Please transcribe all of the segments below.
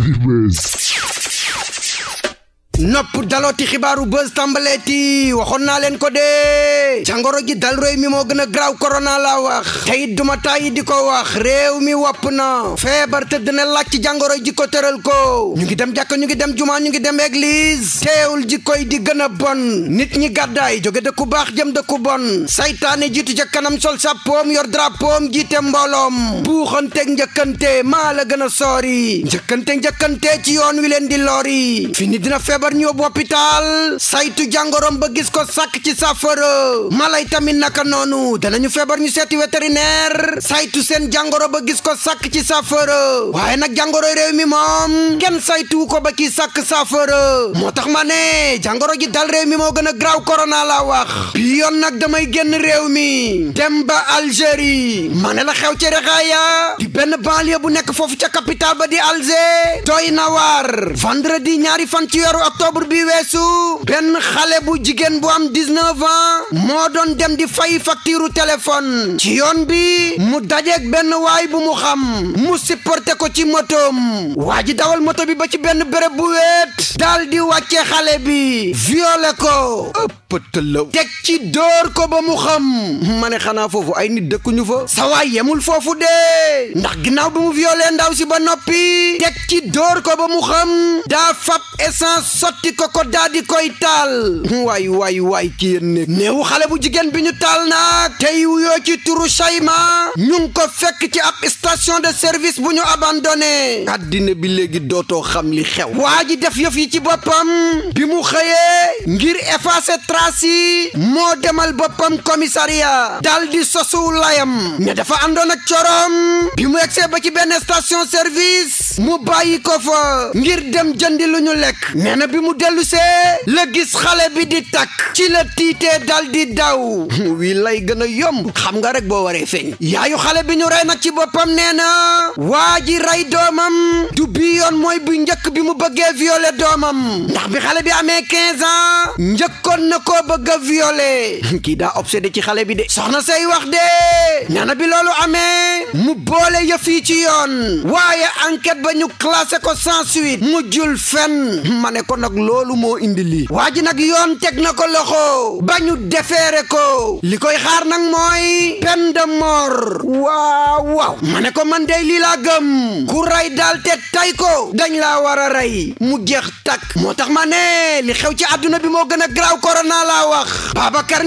Heavyweights. nopp dalooti xibaaru buzz tàmbaleeti waxoon naa leen ko dee jangoro ji dal réew mi moo gën a graaw korona la wax teyit duma tàyyi di ko wax réew mi wopp na feebar tëdd dina laaj ci jàngoro ji ko tëral ko ñu ngi dem jàkka ñu ngi dem jumaa ñu ngi dem église teewul ji yi di gën a bon nit ñi gàddaay jóge dëkku baax jëm dëkku bon saytaane jiitu ca kanam sol sa poom yor drapoom jiite mbooloom buuxanteeg njëkkante maa la gën a soori njëkkante njëkkante ci yoon wi leen di loori ñu yóbbu hôpital saytu jàngoroom ba gis ko sakk ci saafara mala yi tamit naka noonu danañu feebar ñu seeti vétérinaire saytu seen jàngoro ba gis ko sàkk ci saafara waaye nag jàngoro réew mi moom kenn saytu ko ba ci sàkk saafara moo tax ma ne jàngoro ji dal réew mi moo gën a graaw corona la wax bi yoon nag damay génn réew mi dem ba Algérie ma ne la xew ci Rexaaya di benn banlieue bu nekk foofu ca capitale ba di Alger doy na waar vendredi ñaari fan ci weeru octobre bi weesu benn xale bu jigéen bu am 19 ans moo doon dem di fay facture téléphone ci yoon bi mu dajeeg benn waay bu mu xam mu supporté ko ci motoom waa ji dawal moto bi ba ci benn béréb bu weet daal di wàcce xale bi violé ko pëttëlaw teg ci dóor ko ba mu xam ma ne xanaa foofu ay nit dëkkuñu fa sawaay yemul foofu dee ndax ginnaaw bi mu violé ndaw si ba noppi teg ci dóor ko ba mu xam daa fab essence sotti ko ko daa koy taal waay waay waay ki yéen nekk xale bu jigéen bi ñu taal na tey wuyoo ci turu Shayma ñun ko fekk ci ab station de service bu ñu abandonné addina bi léegi dootoo xam xew waa def yëf yi ci boppam bi mu xëyee ngir effacer jaasi moo demal boppam commissariat dal di sosu layam ñu defa àndoon ak corom bi mu egsee ba ci benn station service mu bàyyi ko fa ngir dem jëndi lu ñu lekk nee na bi mu dellusee la gis xale bi di takk ci la tiitee dal di daw wii lay gën a yomb xam nga rek boo waree feeñ yaayu xale bi ñu rey nag ci boppam nee na waa ji rey doomam du bii mooy bu njëkk bi mu bëggee violer doomam ndax bi xale bi amee 15 ans njëkkoon na ko ko bëgg a violer kii daa obsédé ci xale bi de soxna say wax de ñana bi loolu amee mu boole yëf yi ci yoon waaye enquête ba ñu classé ko sans suite mu jul fen ma ne ko nag loolu moo indi lii waa ji nag yoon teg na ko loxo ba ñu defeere ko li koy xaar nag mooy peine de mort waaw waaw ne ko man dey lii laa gëm ku rey daal te tay ko dañ laa war rey mu jeex takk moo tax ma li xew ci àdduna bi moo gën a graaw korona naa laa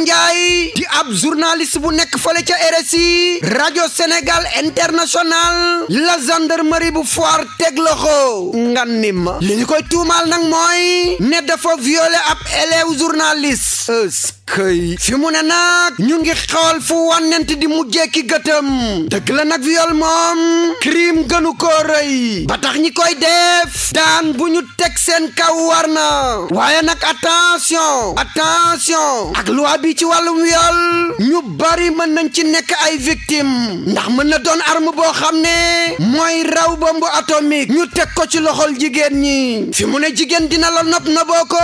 di ab journaliste bu nekk fële ca RSI rajo Sénégal international la gendarmerie bu foire teg loxo Nganima li ñu koy tuumaal nag mooy ne dafa violé ab élève journaliste këy fi mu ne nag ñu ngi xool fu wànnent di mu ki gëtëm dëgg la nag viol moom crime gënu ko rëy ba tax ñi koy def daan bu ñu teg seen kaw war na waaye nag attention attention ak loi bi ci wàllum viol ñu bari mën nañ ci nekk ay victime ndax mën na doon arme boo xam ne mooy raw bombe atomique ñu teg ko ci loxol jigéen ñi fi mu ne jigéen dina la nopp na boo ko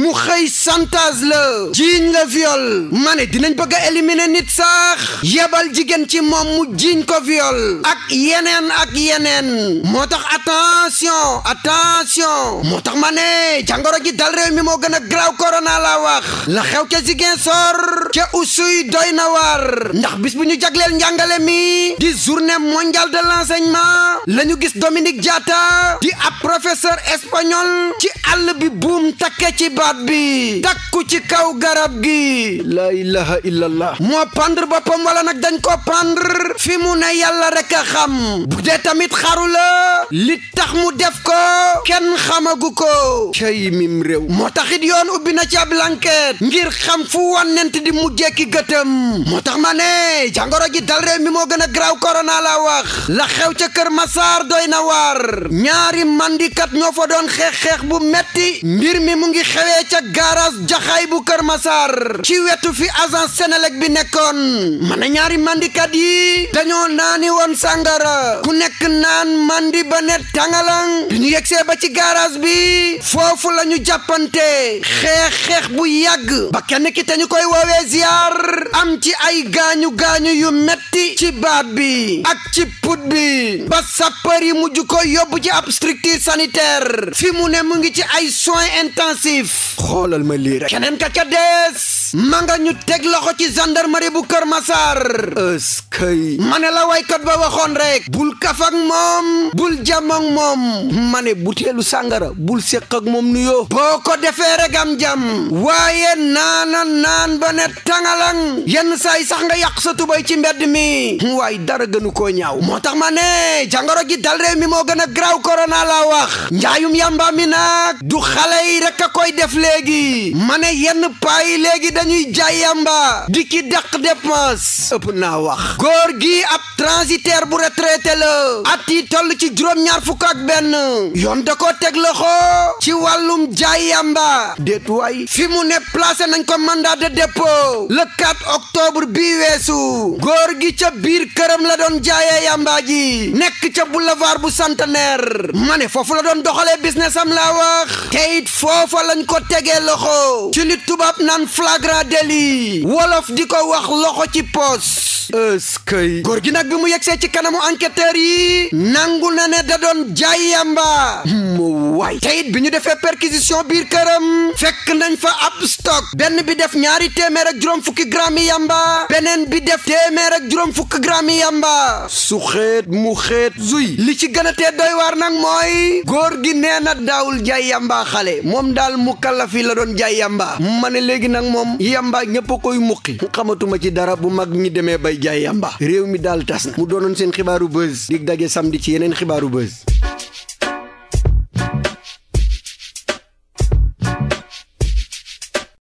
mu xëy santage la viol ma ne dinañ bëgg a éliminer nit sax yebal jigéen ci moom mu jiñ ko viol ak yeneen ak yeneen moo tax attention attention moo tax ma ne jàngoro ji dal réew mi moo gën a graw korona la wax la xew ca Ziguinchor ca usuy doy na war ndax bis bu ñu jagleel njàngale mi di journée mondiale de l'enseignement la lañu gis Dominique Diatta di ab professeur espagnol ci àll bi buum takke ci baat bi takku ci kaw garab gi bi laa ilaha illallah moo pendre boppam wala nag dañ ko pendre fi mu ne yàlla rek a xam bu dee tamit xaru la li tax mu def ko kenn xamagu ko mi mim réew moo taxit yoon ubbi na ci ab lanket ngir xam fu wannent di mu jekki gëtëm moo tax ma ne jàngoro ji dal réew mi moo gën a graw korona la wax la xew ca kër Masaar doy na war ñaari mandikat ñoo fa doon xeex-xeex bu metti mbir mi mu ngi xewee ca garage jaxaay bu kër Masaar ci wetu fi agence Senelec bi nekkoon mën na ñaari màndikat yi dañoo naani woon sàngara ku nekk naan màndi ba ne tàngalang bi ñu yegsee ba ci garage bi foofu la ñu jàppante xeex xeex bu yàgg ba kenn ki te ñu koy woowee ziar am ci ay gaañu gaañu yu metti ci baat bi ak ci put bi ba sapeur yi mujj ko yóbbu ci ab structure fi mu ne mu ngi ci ay soin intensifs xoolal ma lii rek keneen ca des ma nga ñu teg loxo ci gendarmerie bu Kër Massar ëskëy ma la waykat ba waxoon rek bul kaf ak moom bul jàmm ak moom ma ne sàngara bul séq ak moom nuyoo boo ko defee rek am jàmm waaye naana naan ba ne tangalang yenn saay sax nga yàq sa tubay ci mbedd mi waaye dara gënu ko ñaaw moo tax ma ne jàngoro gi dal réew mi moo gën a graw korona laa wax njaayum yàmba mi nag du xale yi koy def léegi ma yenn paa léegi de lañuy jaay yamba di ki dàq dépense ëpp naa wax góor gi ab transitaire bu retraité la at yi toll ci juróom-ñaar fukk benn yoon da ko teg loxo ci wàllum jaay yamba déet waay fi mu ne placé nañ ko mandat de dépôt le 4 octobre bii weesu góor gi ca biir këram la doon jaayee yamba ji nekk ca boulevard bu centenaire ma ne foofu la doon doxalee business am laa wax te foofa lañ ko tegee loxo ci li tubaab nan flagrant délit wolof di ko wax loxo ci poos eskay góor gi nag bi mu yegsee ci kanamu enquêteur yi nangu na ne da doon jaay yamba mu hmm, waay defee perquisition biir këram fekk nañ fa ab stock benn bi def ñaari téeméer juróom fukki grammes yamba beneen bi def téeméer ak juróom fukki grammes yamba su xeet mu xeet zuy li ci gën a tee doy waar nag mooy góor gi nee na daawul jaay yamba xale moom daal mu kallafi la doon jaay yamba ma ne léegi nag moom yamba ñëpp a koy muqi xamatuma ci dara bu mag ñi demee bay jaay yamba réew mi daal tas na mu doonoon seen xibaaru buzz dig sam samedi ci yeneen xibaaru buzz